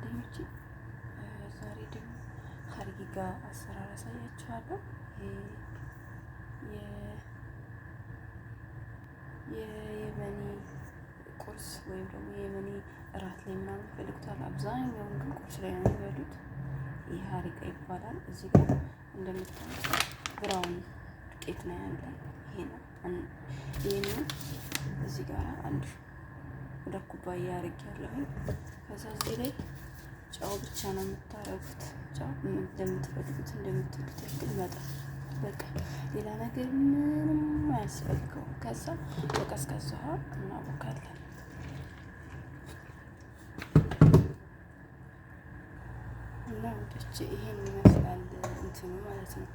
ጓደኞቼ ዛሬ ደግሞ ሀሪጋ አሰራር አሳያችኋለሁ። የየመኒ ቁርስ ወይም ደግሞ የየመኒ እራት ላይ ምናምን ይፈልጉታል። አብዛኛውን ግን ቁርስ ላይ ነው የሚበሉት። ይህ ሀሪጋ ይባላል። እዚህ ጋር እንደምታዩት ብራውን ዱቄት ነው ያለ። ይሄ ነው ይህንን እዚህ ጋር አንድ ሁለት ኩባያ አድርጌያለሁ። ከዛ እዚህ ላይ ጨው ብቻ ነው የምታረጉት። ጨው እንደምትፈልጉት እንደምትወዱት ያክል መጠን በቃ ሌላ ነገር ምንም አያስፈልገውም። ከዛ በቀዝቀዝ ውሃ እናቦካለን። እና ውዶቼ ይሄን ይመስላል እንትኑ ማለት ነው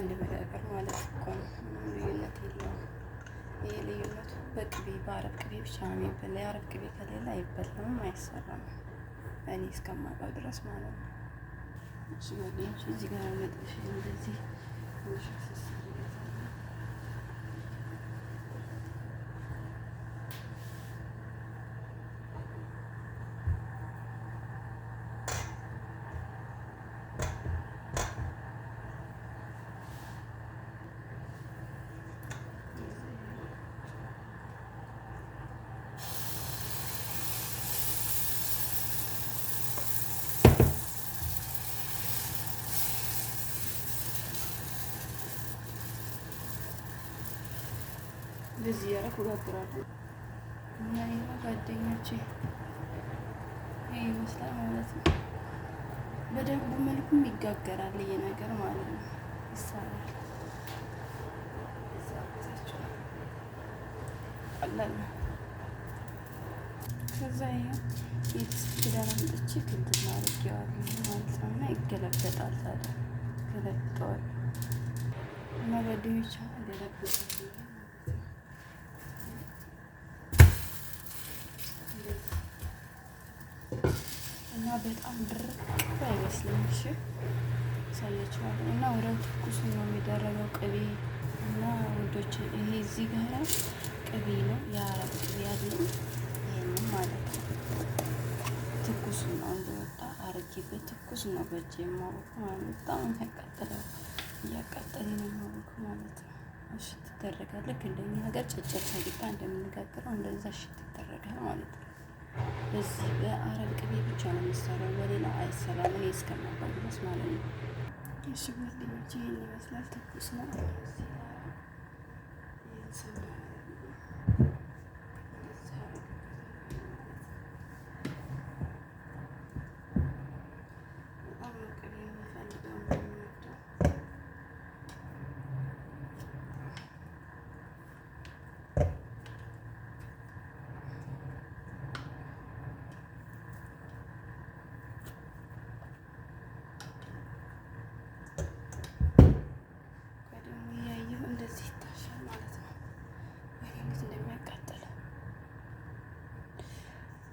አንድ በርገር ማለት እኮ ነው። ልዩነት የለውም። ይሄ ልዩነቱ በቅቤ በአረብ ቅቤ ብቻ ነው የሚበላ። የአረብ ቅቤ ከሌላ አይበላም፣ አይሰራም። እኔ እስከማውቀው ድረስ ማለት ነው። እዚህ ጋር መጥሽ እንደዚህ እንደዚህ እያደረኩ እጋግራለሁ እና ይኸው ጓደኞቼ ይሄ ይመስላል ማለት ነው። በደንቡ መልኩም ይጋገራል ይሄ ነገር ማለት ነው። ይሰራል ቀላል ከዛ ይኸው የክዳን አምጥቼ አድርጌዋለሁ ማለት ነው እና ይገለበጣል ታዲያ ገለብጠዋል እና ጓደኞች ገለብጠዋል እና በጣም ድርቅ አይመስልም። እሺ ሳያችኋለን እና ወደ ትኩስ ነው የሚደረገው ቅቤ እና ወንዶች፣ ይሄ እዚህ ጋር ቅቤ ነው የአረብ ቅቤ ያለው ይህንም ማለት ነው። ትኩስ ነው እንደወጣ አርጌበት ትኩስ ነው በእጅ የማወቅ ማለት በጣም ያቃጠለው እያቃጠለ ነው የማወቅ ማለት ነው። እሺ ትደረጋል። ልክ እንደኛ ሀገር ጨጨብሳ ጌጣ እንደምንጋግረው እንደዛ እሺ ትደረጋል ማለት ነው። በዚህ በአረብ ቅቤ ብቻ ነው የሚሰራው፣ በሌላ አይሰራም። እኔ እስከማውቀው ድረስ ማለት ነው። እሺ ጓደኞቼ ይህን ይመስላል። ትኩስ ነው።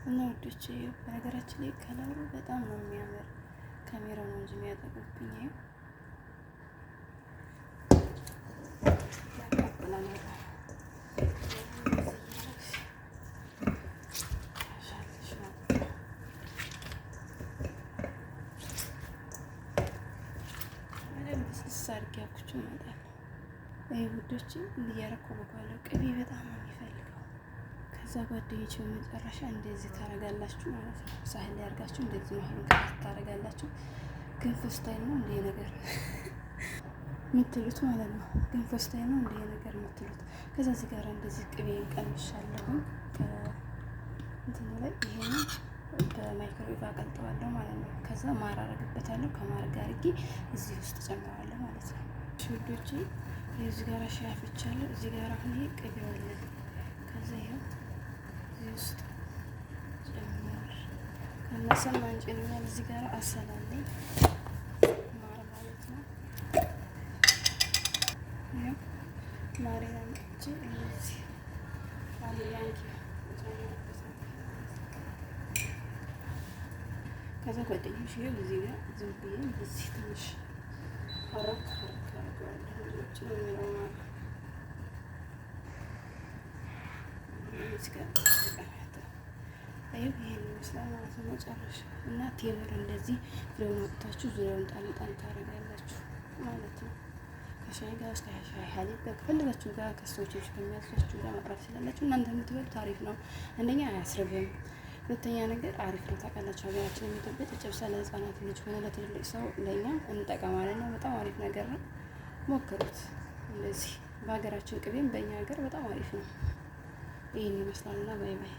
እና ውዶች በነገራችን ላይ ከለሩ በጣም ነው የሚያምር። ካሜራ ነው እንጂ የሚያጠቁብኝ ያቃጥላል። ሳርጊያኩችን ይመጣል። ውዶች እንዲያረኩ በኋላ ቅቤ በጣም ነው የሚፈልገው ከዛ ጓደኞች በመጨረሻ እንደዚህ ታረጋላችሁ ማለት ነው። ሳህል ላይ አድርጋችሁ እንደዚህ ነው መሆን ታረጋላችሁ። ገንፎ ስታይል ነው እንዲህ ነገር የምትሉት ማለት ነው። ገንፎ ስታይል ነው እንዲህ ነገር የምትሉት። ከዛ እዚህ ጋር እንደዚህ ቅቤ ቀንሻለሁ እንትኑ ላይ ይሄን በማይክሮዌቭ አቀልጠዋለሁ ማለት ነው። ከዛ ማር አረግበታለሁ። ከማር ጋር አድርጌ እዚህ ውስጥ ጨምረዋለሁ ማለት ነው። ሽዶቼ እዚህ ጋር ሻፍቻለሁ። እዚህ ጋር አሁን ይሄ ቅቤ አለ። ከዛ ይኸው ውስጥ ጨምር። ከነሰም አንጨኛል እዚህ ጋር አሰላለኝ ማር ማለት ነው። ማሬን አንጭ እዚህ አንላንኪ ከዛ ጓደኞች ይሄ እዚህ ጋር ዝም ብዬ እዚህ ትንሽ ሀረክ ሀረክ አድርገዋለሁ ነው የሚለው ማለት ነው እዚህ ጋር ተቀራተ ይህ ይህን ይመስላል ማለት ነው። መጨረሻ እና ቴምር እንደዚህ ዙሪያውን ወጥታችሁ ዙሪያውን ጣል ጣል ታደርጋላችሁ ማለት ነው። ከሻይ ጋር እስከ ሻይ ሀሊብ ከፈለጋችሁ ጋር ከሰዎች ከሚያዟችሁ ጋር መቅረብ ስላላችሁ እናንተ የምትበሉት አሪፍ ነው። አንደኛ አያስርብም። ሁለተኛ ነገር አሪፍ ነው። ታውቃላችሁ ሀገራችን የሚጠበቅ ጨብሳ ለህፃናት ልጅ ሆነ ለትልልቅ ሰው ለእኛ እንጠቀማለን ነው። በጣም አሪፍ ነገር ነው። ሞክሩት። እንደዚህ በሀገራችን ቅቤም በእኛ ሀገር በጣም አሪፍ ነው። ይህን ይመስላልና ባይ ባይ